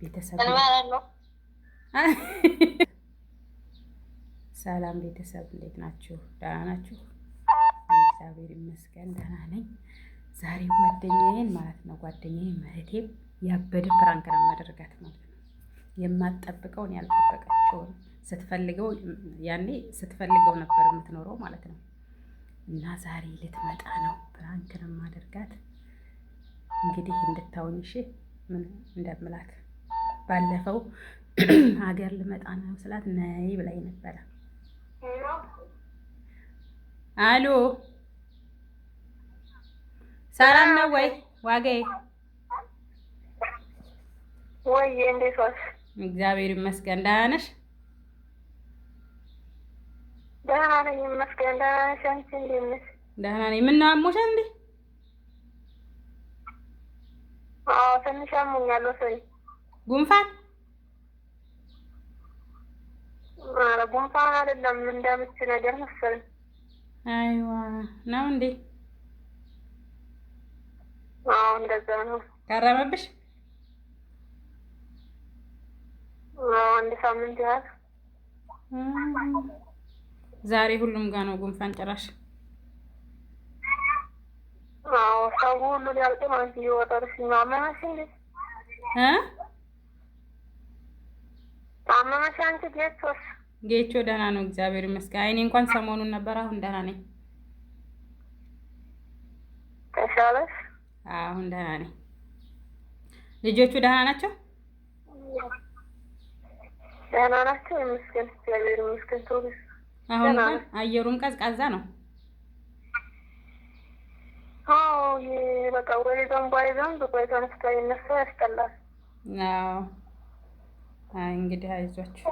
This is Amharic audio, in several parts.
ቤተሰብ ሰላም ቤተሰብ፣ እንዴት ናችሁ? ደህና ናችሁ? እግዚአብሔር ይመስገን ደህና ነኝ። ዛሬ ጓደኛዬን ማለት ነው ጓደኛዬን መሬቴ ያበደ ፕራንክ ነው ማደርጋት ማለት ነው። የማጠብቀውን ያልጠበቀችውን ስትፈልገው ያኔ ስትፈልገው ነበር የምትኖረው ማለት ነው። እና ዛሬ ልትመጣ ነው። ፕራንክ ነው ማደርጋት እንግዲህ እንድታውኝ እሺ ምን እንደምላት ባለፈው ሀገር ልመጣ ነው ስላት ነይ ብላኝ ነበረ። አሎ ሰላም ነው ወይ? ዋጋዬ ወይ እንዴት ዋልሽ? እግዚአብሔር ይመስገን። ደህና ነሽ? ደህና ነኝ ይመስገን። ደህና ነሽ? አንቺ እንዴት ነሽ? ደህና ነኝ። ምነው አሞሻ እንዴ? አዎ ትንሽ አሞኛል። ወሰኝ ጉንፋን ጉንፋን አይደለም፣ እንደምች ነገር መሰለኝ። አይዋ ነው እንዴ? አዎ እንደዛ ነው። ቀረበብሽ? አዎ አንድ ሳምንት ያህል። ዛሬ ሁሉም ጋር ነው ጉንፋን ጭራሽ። አዎ ሰው ሁሉ ሊያልቅ ማለት እየወጠሩ ሲማመናሽ እንዴ አመመሽ አንቺ? ጌቾስ ጌቾ ደህና ነው እግዚአብሔር ይመስገን። አይኔ እንኳን ሰሞኑን ነበር፣ አሁን ደህና ነኝ። ተሻለሽ? አሁን ደህና ነኝ። ልጆቹ ደህና ናቸው? ደህና ናቸው። ይመስገን እግዚአብሔር ይመስገን። አሁን እንኳን አየሩም ቀዝቃዛ ነው። አዎ፣ በቃ ወደ ዘንቧ ይዘን ብቆይ ይነሳ ያስጠላል። አዎ እንግዲህ አይዟችሁ።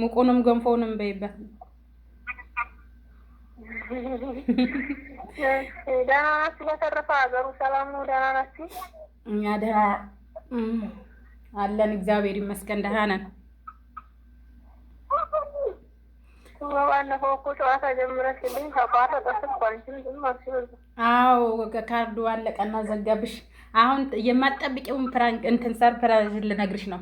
ሙቁንም ገንፎውንም በይበት። ደህና ናችሁ? በተረፈ ሀገሩ ሰላም ነው? ደህና ናችሁ? እኛ ደህና አለን፣ እግዚአብሔር ይመስገን ደህና ነን። ባለፈው እኮ ጨዋታ ጀምረሽልኝ ተቋረጠ ስልኩ፣ አንቺም ዝም አልሽኝ። አዎ ከካርዱ አለቀና ዘጋብሽ። አሁን የማጠብቂውን ፕራንክ እንትን ሰርፕራይዝ ልነግርሽ ነው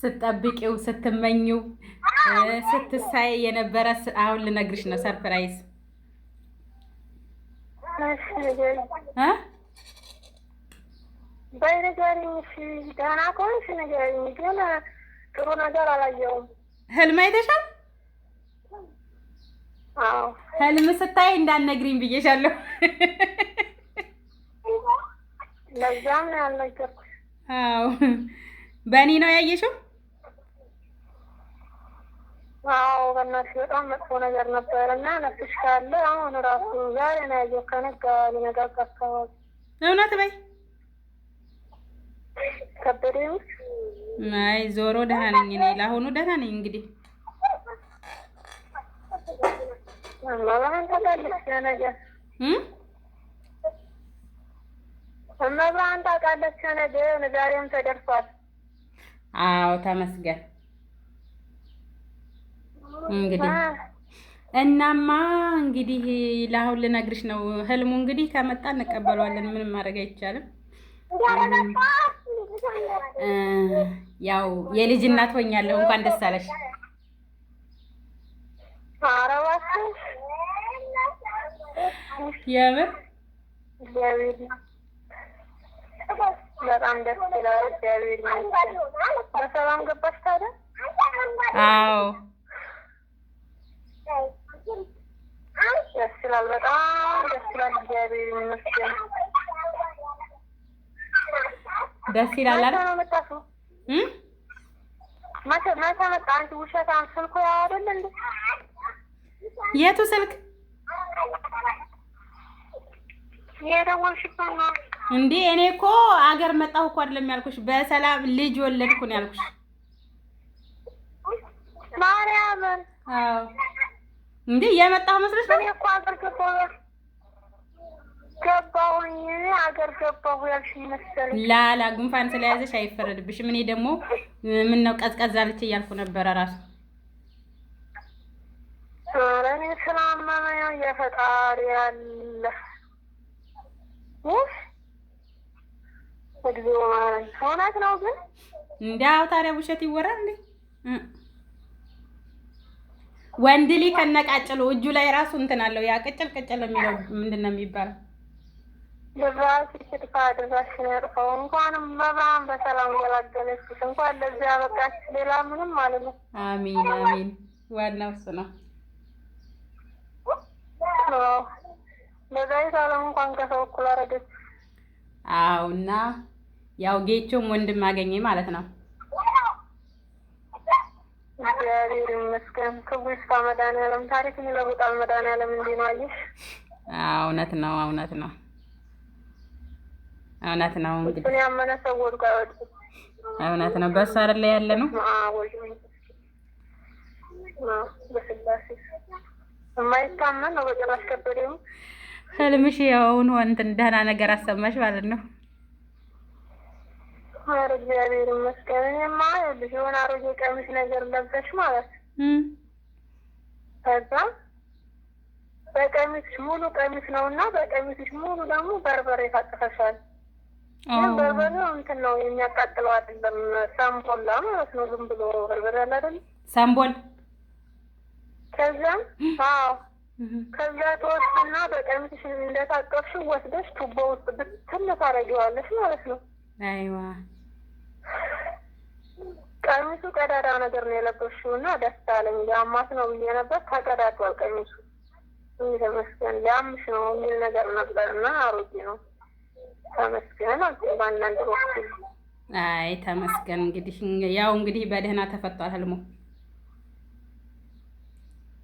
ስጠብቂው ስትመኝው ስትሳይ የነበረ አሁን ልነግርሽ ነው ሰርፕራይዝ ጥሩ ነገር ህልም አይተሻል ህልም ስታይ እንዳትነግሪኝ ብዬሻለሁ። ለዛም ነው ያልነገርኩሽ። አዎ በእኔ ነው ያየሽው? አዎ በእናትሽ በጣም መጥፎ ነገር ነበር እና ነፍሽ ካለ አሁን ራሱ ዛሬ ነው ያየው። ከነጋ ሊነጋጋ አካባቢ እውነት በይ ከበደ። አይ ዞሮ ደህና ነኝ እኔ ለአሁኑ ደህና ነኝ እንግዲህ እመብርሃን ታውቃለች ከነገ ዛሬም ተደርሷል። አዎ ተመስገን። እንግዲህ እናማ እንግዲህ ለአሁን ልነግርሽ ነው። ህልሙ እንግዲህ ከመጣ እንቀበለዋለን። ምንም ማድረግ አይቻልም። ያው የልጅ እናት ሆኛለሁ። እንኳን ደስ አለሽ። የምር በጣም ደስ ይላል። እግዚአብሔር ይመስገን። በሰላም ገባሽ ታዲያ? አዎ ደስ ይላል። በጣም ደስ ይላል። እግዚአብሔር ይመስገን። ደስ ይላል አይደል? መቼ መጣ? አንቺ ውሸታም ስልኩ ያው አይደል እንዴ? የቱ ስልክ እንዴ እኔ እኮ አገር መጣሁ እኮ አይደለም ያልኩሽ፣ በሰላም ልጅ ወለድኩ ነው ያልኩሽ። ማርያም አዎ፣ እንዴ የመጣሁ መስለሽ ነው እኮ አገር ገባሁኝ። አገር ገባሁ ያልሽ መሰለኝ። ላላ ጉንፋን ስለያዘሽ አይፈረድብሽም። እኔ ደግሞ ምን ነው ቀዝቀዝ አለች እያልኩ ነበረ ራሱ ኧረ እኔ ስላመመኝ የፈጣሪ አለ እውነት ነው ግን እንዲያው ታዲያ ውሸት ይወራል እንዴ? ወንድ ልጅ ከነቃጭሉ እጁ ላይ ራሱ እንትን አለው። ያ ቅጭል ቅጭል የሚለው ምንድን ነው የሚባለው? ድራሽ ሽትካ ድራሽ በሰላም ገላገለች። እንኳን ሌላ ምንም ማለት ነው። አሚን አሚን። ዋናው እሱ ነው። በዛይት አለም እንኳን ከሰው እኩል አረገች። አዎ እና ያው ጌቾም ወንድም አገኘ ማለት ነው። እግዚአብሔር ይመስገን። ይስፋ መድኃኒዓለም ይለውጣል። መድኃኒዓለም ነው አየሽ። እውነት ነው፣ እውነት ነው፣ እውነት ነው። እንግዲህ ያመነ ሰው ወድቆ አይወድቅም። እውነት ነው። በእሱ አይደለ ያለ ነው የማይታመን ነው በጭራሽ ህልምሽ ያውን እንትን ደህና ነገር አሰማሽ ማለት ነው። ኧረ እግዚአብሔር ይመስገን። እኔማ ይኸውልሽ የሆነ አሮጌ ቀሚስ ነገር ለብሰሽ ማለት ከዛ በቀሚስሽ ሙሉ ቀሚስ ነው እና በቀሚስሽ ሙሉ ደግሞ በርበሬ ታጥፈሻል። ግን በርበሬው እንትን ነው የሚያቃጥለው አይደለም፣ ሳምቦላ ማለት ነው። ዝም ብሎ በርበሬ አለ አይደለም፣ ሳምቦል ከዚያም አዎ Mm-hmm. ከዛ ተወስድና በቀሚስሽ እንደታቀፍሽ ወስደሽ ቱቦ ውስጥ ብትን ታረጊዋለሽ ማለት ነው። አይዋ ቀሚሱ ቀዳዳ ነገር ነው የለበሽው እና ደስ አለኝ። ሊያማት ነው ብዬ ነበር፣ ተቀዳዷል ቀሚሱ ተመስገን። ሊያምሽ ነው የሚል ነገር ነበር እና አሮጌ ነው ተመስገን በአንዳንድ ወቅት አይ ተመስገን። እንግዲህ ያው እንግዲህ በደህና ተፈቷል ህልሞ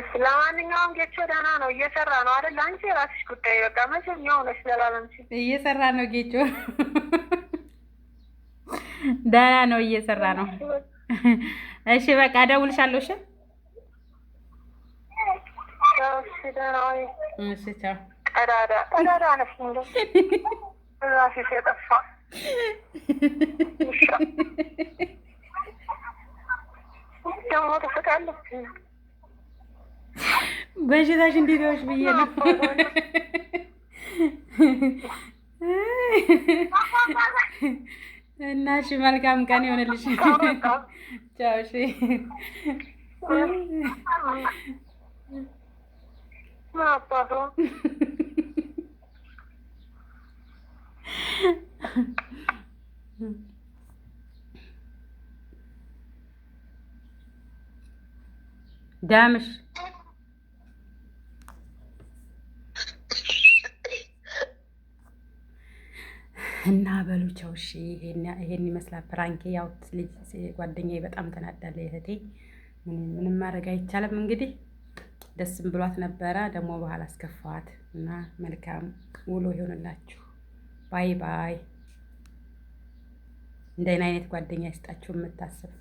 እሺ ለማንኛውም ጌቾ ደህና ነው፣ እየሰራ ነው አይደል? አንቺ የራስሽ ጉዳይ በቃ መቼም የሆነች ለላለም እየሰራ ነው። ጌቾ ደህና ነው፣ እየሰራ ነው። እሺ በቃ እደውልልሻለሁ። እሺ እሺ፣ ቻው። ቀዳዳ ቀዳዳ ነሽ እንዴ? ራስሽ የጠፋ ደግሞ ተፈቃለች በሽታሽ እንዴት ዋልሽ ብዬ ነው። እና እሺ መልካም ቀን ይሆንልሽ። ቻው። እሺ ዳምሽ እና በሉ ቻው። እሺ ይሄን ይመስላል ፕራንክ። ያው ልጅ ጓደኛዬ በጣም ተናዳለ። እህቴ ምንም ማድረግ አይቻልም። እንግዲህ ደስም ብሏት ነበረ፣ ደግሞ በኋላ አስከፋዋት እና መልካም ውሎ ይሆንላችሁ። ባይ ባይ። እንደኔ አይነት ጓደኛ ይስጣችሁ የምታስብ